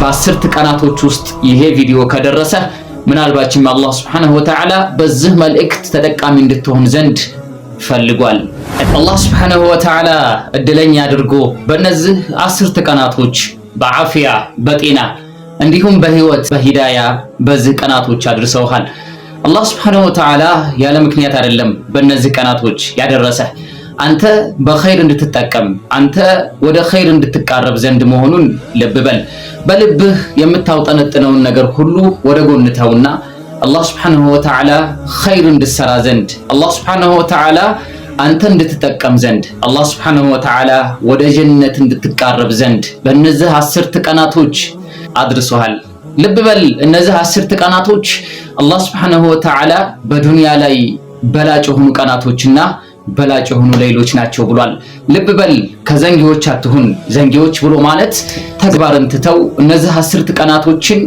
በአስርት ቀናቶች ውስጥ ይሄ ቪዲዮ ከደረሰ ምናልባችም አላህ ሱብሓነሁ ወተዓላ በዚህ መልእክት ተጠቃሚ እንድትሆን ዘንድ ፈልጓል። አላህ ሱብሓነሁ ወተዓላ እድለኛ አድርጎ በእነዚህ አስርት ቀናቶች በአፍያ በጤና እንዲሁም በህይወት በሂዳያ በዚህ ቀናቶች አድርሰውሃል። አላህ ሱብሓነሁ ወተዓላ ያለ ምክንያት አይደለም በእነዚህ ቀናቶች ያደረሰ አንተ በኸይር እንድትጠቀም አንተ ወደ ኸይር እንድትቃረብ ዘንድ መሆኑን ልብ በል። በልብህ የምታውጠነጥነውን ነገር ሁሉ ወደ ጎን ተውና አላህ ሱብሓነሁ ወተዓላ ኸይር እንድትሰራ ዘንድ አላህ ሱብሓነሁ ወተዓላ አንተ እንድትጠቀም ዘንድ አላህ ሱብሓነሁ ወተዓላ ወደ ጀነት እንድትቃረብ ዘንድ በእነዚህ አስርት ቀናቶች አድርሶሃል። ልብ በል እነዚህ አስርት ቀናቶች አላህ ሱብሓነሁ ወተዓላ በዱንያ ላይ በላጭ የሆኑ ቀናቶችና በላጭ የሆኑ ሌሎች ናቸው ብሏል። ልብ በል ከዘንጊዎች አትሁን። ዘንጊዎች ብሎ ማለት ተግባርን ትተው እነዚህ አስርት ቀናቶችን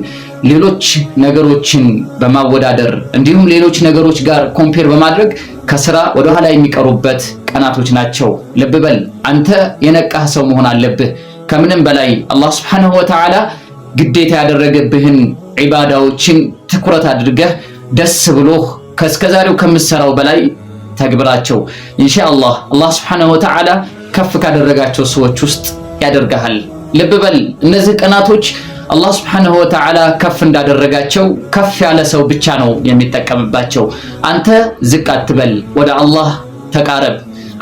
ሌሎች ነገሮችን በማወዳደር እንዲሁም ሌሎች ነገሮች ጋር ኮምፔር በማድረግ ከስራ ወደ ኋላ የሚቀሩበት ቀናቶች ናቸው። ልብ በል አንተ የነቃህ ሰው መሆን አለብህ። ከምንም በላይ አላህ ሱብሓነሁ ወተዓላ ግዴታ ያደረገብህን ዒባዳዎችን ትኩረት አድርገህ ደስ ብሎህ ከእስከዛሬው ከምትሰራው በላይ ተግብራቸው። ኢንሻአላህ አላህ ሱብሓነሁ ወተዓላ ከፍ ካደረጋቸው ሰዎች ውስጥ ያደርግሃል። ልብ በል እነዚህ ቀናቶች አላህ ሱብሓነሁ ወተዓላ ከፍ እንዳደረጋቸው ከፍ ያለ ሰው ብቻ ነው የሚጠቀምባቸው። አንተ ዝቅ አትበል፣ ወደ አላህ ተቃረብ።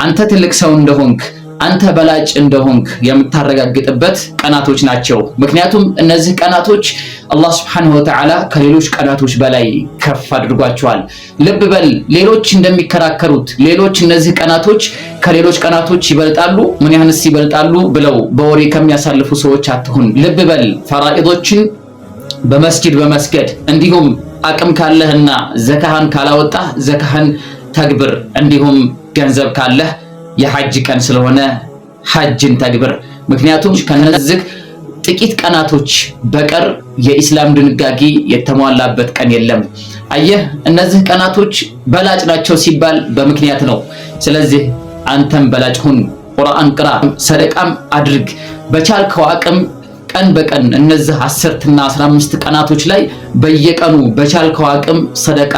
አንተ ትልቅ ሰው እንደሆንክ አንተ በላጭ እንደሆንክ የምታረጋግጥበት ቀናቶች ናቸው። ምክንያቱም እነዚህ ቀናቶች አላህ ሱብሓነሁ ወተዓላ ከሌሎች ቀናቶች በላይ ከፍ አድርጓቸዋል። ልብ በል፣ ሌሎች እንደሚከራከሩት ሌሎች እነዚህ ቀናቶች ከሌሎች ቀናቶች ይበልጣሉ፣ ምን ያህልስ ይበልጣሉ ብለው በወሬ ከሚያሳልፉ ሰዎች አትሁን። ልብ በል፣ ፈራኢዶችን በመስጊድ በመስገድ እንዲሁም አቅም ካለህና ዘካህን ካላወጣህ ዘካህን ተግብር፣ እንዲሁም ገንዘብ ካለህ የሐጅ ቀን ስለሆነ ሐጅን ተግብር። ምክንያቱም ከነዚህ ጥቂት ቀናቶች በቀር የኢስላም ድንጋጌ የተሟላበት ቀን የለም። አየህ፣ እነዚህ ቀናቶች በላጭ ናቸው ሲባል በምክንያት ነው። ስለዚህ አንተም በላጭ ሁን፣ ቁርአን ቅራ፣ ሰደቃም አድርግ። በቻልከው አቅም ቀን በቀን እነዚህ አስርትና አስራ አምስት ቀናቶች ላይ በየቀኑ በቻልከው አቅም ሰደቃ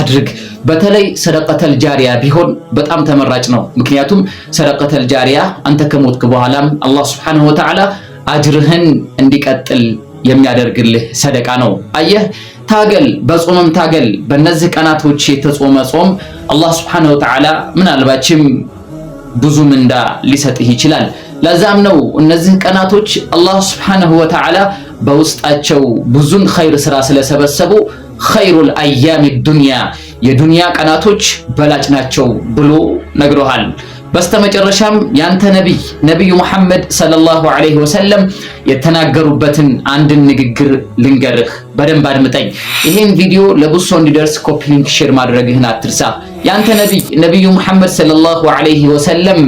አድርግ። በተለይ ሰደቀተል ጃሪያ ቢሆን በጣም ተመራጭ ነው። ምክንያቱም ሰደቀተል ጃሪያ አንተ ከሞትክ በኋላም አላህ ሱብሓነሁ ወተዓላ አጅርህን እንዲቀጥል የሚያደርግልህ ሰደቃ ነው። አየህ፣ ታገል፣ በጾምም ታገል። በእነዚህ ቀናቶች የተጾመ ጾም አላህ ሱብሓነሁ ወተዓላ ምናልባችም ብዙ ምንዳ ሊሰጥህ ይችላል። ለዛም ነው እነዚህ ቀናቶች አላህ ሱብሓነሁ ወተዓላ በውስጣቸው ብዙን ኸይር ስራ ስለሰበሰቡ ኸይሩል አያሚ ዱንያ የዱንያ ቀናቶች በላጭ ናቸው ብሎ ነግሮሃል። በስተመጨረሻም ያንተ ነቢይ ነቢዩ መሐመድ ሰለላሁ ዐለይሂ ወሰለም የተናገሩበትን አንድን ንግግር ልንገርህ፣ በደንብ አድምጠኝ። ይህን ቪዲዮ ለብዙ ሰው እንዲደርስ ኮፒ ሊንክ፣ ሼር ማድረግህን አትርሳ። ያንተ ነቢይ ነቢዩ መሐመድ ሰለላሁ ዐለይሂ ወሰለም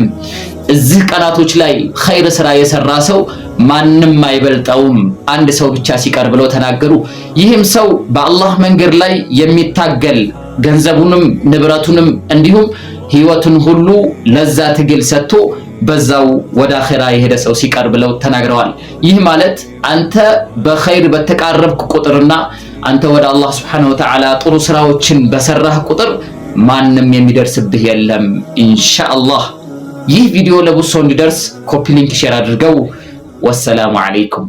እዚህ ቀናቶች ላይ ኸይር ስራ የሰራ ሰው ማንም አይበልጠውም አንድ ሰው ብቻ ሲቀር ብለው ተናገሩ። ይህም ሰው በአላህ መንገድ ላይ የሚታገል ገንዘቡንም ንብረቱንም እንዲሁም ህይወቱን ሁሉ ለዛ ትግል ሰጥቶ በዛው ወደ አኼራ የሄደ ሰው ሲቀር ብለው ተናግረዋል። ይህ ማለት አንተ በኸይር በተቃረብክ ቁጥርና አንተ ወደ አላህ ሱብሓነሁ ወተዓላ ጥሩ ስራዎችን በሰራህ ቁጥር ማንም የሚደርስብህ የለም ኢንሻአላህ። ይህ ቪዲዮ ለብሶ እንዲደርስ ኮፒ ሊንክ ሼር አድርገው። ወሰላሙ አለይኩም